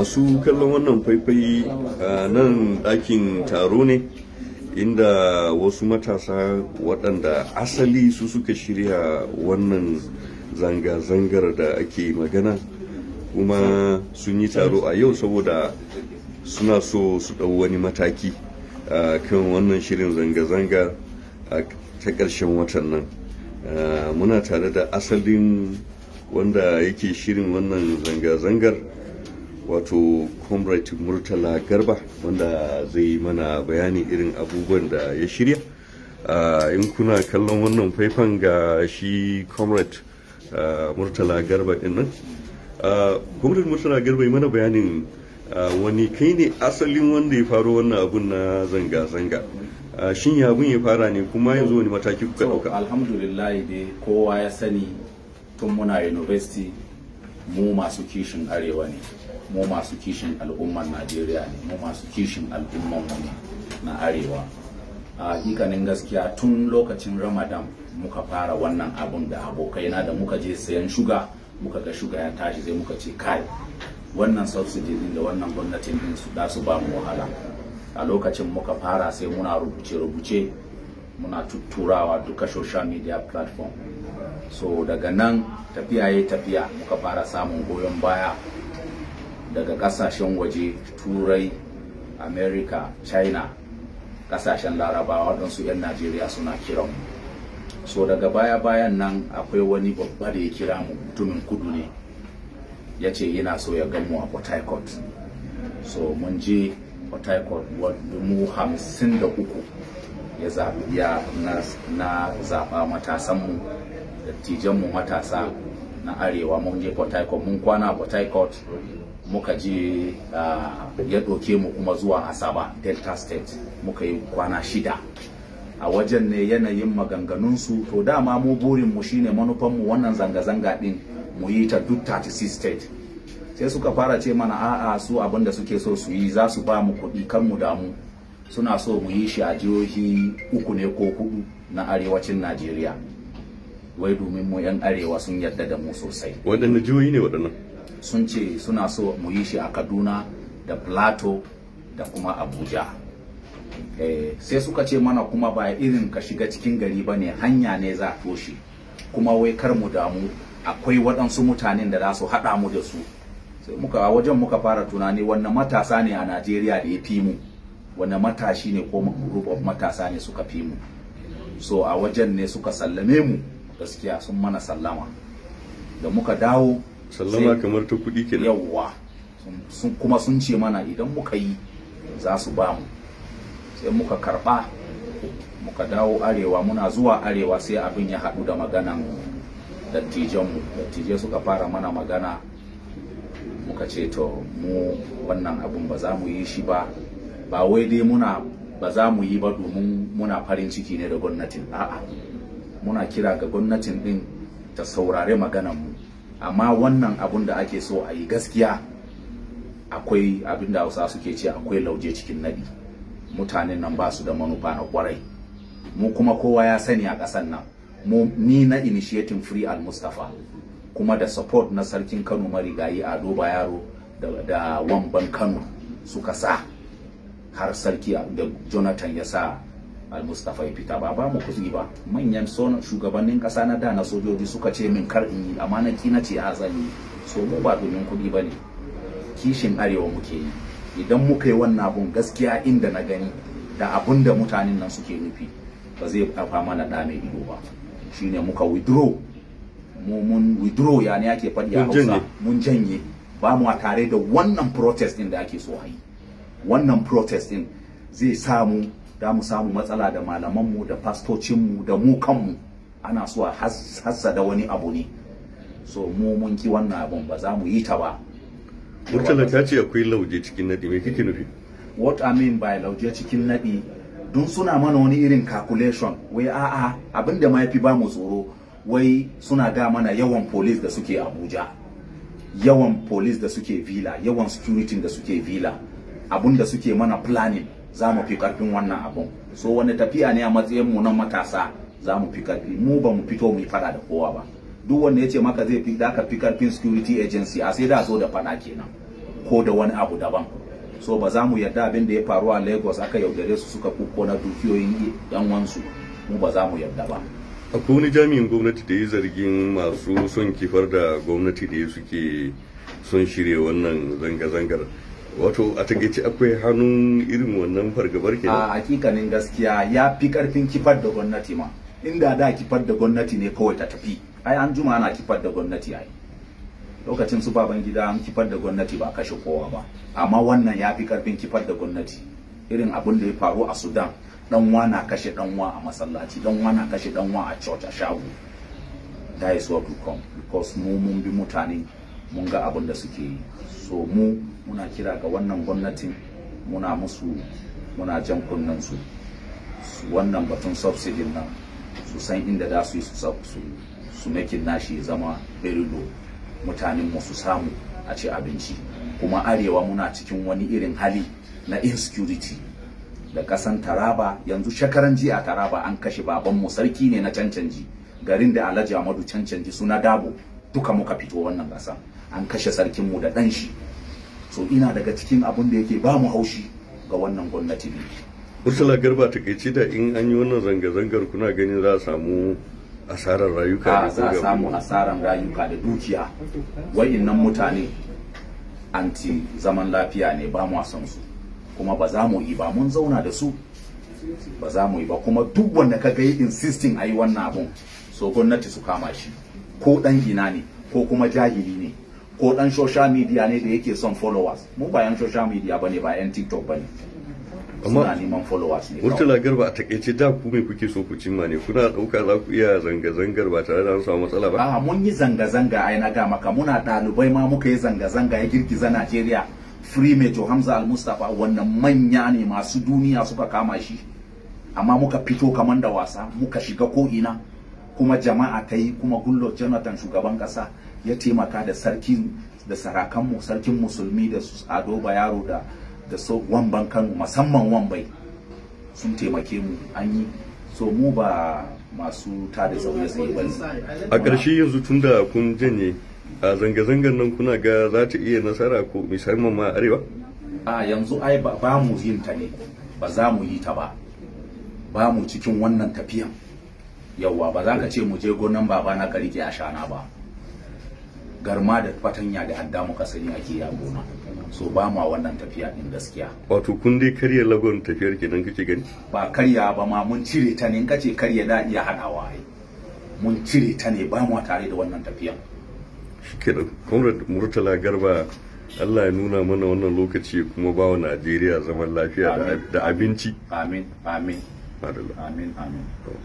masu kallon wannan faifai nan ɗakin taro ne inda wasu matasa waɗanda asali su suka shirya wannan zanga-zangar da ake magana kuma sun yi taro a yau saboda suna so su ɗau wani mataki kan wannan shirin zanga-zanga a ta ƙarshen watan nan muna tare da asalin wanda yake shirin wannan zanga-zangar wato comrade murtala garba wanda zai mana bayani irin abubuwan da ya shirya in kuna kallon wannan faifan ga shi comrade murtala garba din nan comrade murtala garba mana bayanin wani kai ne asalin wanda ya faro wannan abun na zanga-zanga shin ya abun ya fara ne kuma yanzu wani mataki kuka dauka alhamdulillah dai kowa ya sani tun muna university mu masu kishin arewa ne mu masu kishin al'umman najeriya ne mu masu kishin al'umman wani na arewa a hakikanin gaskiya tun lokacin ramadan muka fara wannan abun da abokaina da muka je sayan shuga muka ga shuga ya tashi sai muka ce kai wannan subsidy din da wannan gwamnatin din su da su ba mu wahala a lokacin muka fara sai muna rubuce-rubuce muna tutturawa duka social media platform so daga nan tafiya ya tafiya muka fara samun goyon baya daga kasashen waje turai america china kasashen larabawa waɗansu 'yan najeriya suna kiran so daga baya bayan nan akwai wani babba da ya kira mu mutumin kudu ne ya ce yana so ya mu a port harcourt so mun je port harcourt mu hamsin da uku ya na zaɓa matasanmu dattijan mu matasa na arewa mun je port harcourt mun kwana a port harcourt muka je ah, ya doke mu kuma zuwa asaba delta state muka yi kwana shida a wajen ne yanayin maganganunsu to dama mu burin mu shine manufan mu wannan zanga-zanga ɗin mu yi ta duk 36 state sai suka fara ce mana a'a su abin da suke so su yi za su ba mu kuɗi kan mu damu suna so mu yi shi a jihohi uku ne ko hudu na arewacin najeriya wai domin mu yan arewa sun yarda da mu sosai waɗanne jihohi ne waɗannan sun ce suna so mu yi shi a kaduna da plateau da kuma abuja eh, sai suka ce mana kuma ba irin ka shiga cikin gari ba ne hanya ne za a toshe kuma wai kar mu damu akwai waɗansu mutanen da za su haɗa mu da su sai muka a wajen muka fara tunani wannan matasa ne a najeriya da ya fi mu wannan matashi ne ko group of matasa ne suka fi mu so a wajen ne suka sallame mu gaskiya sun mana sallama da muka dawo sallama kamar ta kuɗi kenan yawwa sun kuma sun ce mana idan muka yi za su ba mu sai muka karɓa muka dawo arewa muna zuwa arewa sai abin ya haɗu da maganan dattijanmu dattijai suka fara mana magana muka ce to mu wannan abin ba za mu yi shi ba ba wai dai muna ba za mu yi ba domin muna farin ciki ne da gwamnatin a'a muna kira ga gwamnatin din ta saurare maganan mu amma wannan abun da ake so a yi gaskiya akwai abin da hausa suke ce akwai lauje cikin nadi mutanen nan ba su da manufa na kwarai mu kuma kowa ya sani a ƙasar nan mu ni na initiating free al mustafa kuma da support na sarkin kano marigayi a doba yaro da, da wamban kano suka sa har sarki da jonathan ya sa al-mustafa ya fita ba ba mu kuzi ba manyan shugabannin ƙasa na da na sojoji suka ce min kar in yi amma na ki na ce a zan so mu ba domin kuɗi ba ne kishin arewa muke yi idan muka yi wannan abun gaskiya inda na gani da abun da mutanen nan suke nufi ba zai kafa mana da mai ido ba shine muka withdraw mu mun withdraw ya ne ake faɗi a Hausa mun janye ba mu tare da wannan protest din da ake so a wannan protest din zai samu da mu samu matsala da malamanmu da fastocinmu da mu kanmu ana so a hassa da wani abu ne so mu mun ki wannan abun ba za mu yi ta ba Murtala ta ce akwai lauje cikin nadi, me kike nufi what i mean by lauje cikin nadi, don suna mana wani irin calculation wai a'a abinda ma yafi ba mu tsoro wai suna ga mana yawan police da suke Abuja yawan police da suke villa yawan security da suke villa abinda suke mana planning za mu fi karfin wannan abun so wani tafiya ne a matsayin mu na matasa za mu fi karfi mu ba mu fito mu yi fada da kowa ba duk wanda ya ce maka zai fi daka fi karfin security agency a sai da zo da fada kenan ko da wani abu daban so ba za mu yarda abin da ya faru a lagos aka yaudare su suka kuko na dukiyoyin yan wansu mu ba za mu yarda ba akwai wani jami'in gwamnati da ya zargin masu son kifar da gwamnati da suke son shirya wannan zanga-zangar wato a takaice akwai hannun irin wannan fargabar ke a hakikanin gaskiya ya fi karfin kifar da gwamnati ma inda da kifar da gwamnati ne kawai ta tafi ai an juma ana kifar da gwamnati ai lokacin su baban gida an kifar da gwamnati ba kashe kowa ba amma wannan ya fi karfin kifar da gwamnati irin abin da ya faru a sudan dan na kashe dan a masallaci dan wana kashe dan a church a shago that is what we come because mu mun bi mutane mun ga abin da suke yi so mu muna kira ga wannan gwamnatin muna musu muna jan kunnen su wannan batun subsidy nan su san inda za su yi su su makin nashi ya zama very low mutanen mu su samu a ce abinci kuma arewa muna cikin wani irin hali na insecurity da kasan taraba yanzu shekaran jiya taraba an kashe babanmu sarki ne na cancanji garin da alhaji amadu cancanji suna dabo duka muka fito wannan kasan an kashe sarkin mu da ɗan shi so ina daga cikin abun da yake ba mu haushi ga wannan gwamnati ne Ursula Garba ta kai da in an yi wannan zanga-zangar kuna ganin za a samu asarar rayuka a za a samu asarar rayuka da dukiya nan mutane anti zaman lafiya ne ba mu san su kuma ba za mu yi ba mun zauna da su ba za mu yi ba kuma duk wanda ka ga insisting a yi wannan abun so gwamnati su kama shi ko dan gina ne ko kuma jahili ne ko dan social media ne da yake son followers mu ba yan social media bane ba yan tiktok bane amma neman followers ne murtala garba a takaice da ku mai kuke so ku cimma ne kuna dauka za ku iya zanga-zangar ba tare da an samu matsala ba a mun yi zanga-zanga ai na ga maka muna dalibai ma muka yi zanga-zanga ya girgiza Najeriya free Hamza Al-Mustafa wannan manya ne masu duniya suka kama shi amma muka fito kaman da wasa muka shiga ko ina kuma jama'a ta yi kuma gullo Jonathan shugaban kasa ya taimaka da sarkin da sarakanmu sarkin musulmi da su ado bayaro da da so wamban kano musamman wambai sun taimake mu an yi so mu ba masu tada zaune tsaye ba a ƙarshe yanzu tun da kun janye a zanga-zangar nan kuna ga za ta iya nasara ko musamman ma arewa a yanzu ai ba mu yin ta ne ba za mu yi ta ba ba mu cikin wannan tafiyan yawwa ba za ka ce mu je gonan baba na ka rike a shana ba garma da fatanya da adda mu kasani ake ya gona so ba ma wannan tafiya din gaskiya wato kun dai karya lagon tafiyar nan kake gani ba karya ba ma mun cire ta ne in kace karya da iya hadawa ai mun cire ta ne ba mu tare da wannan tafiyan shikenan comrade murtala garba Allah ya nuna mana wannan lokaci kuma ba wa Najeriya zaman lafiya da abinci. Amin, amin. Amin, amin.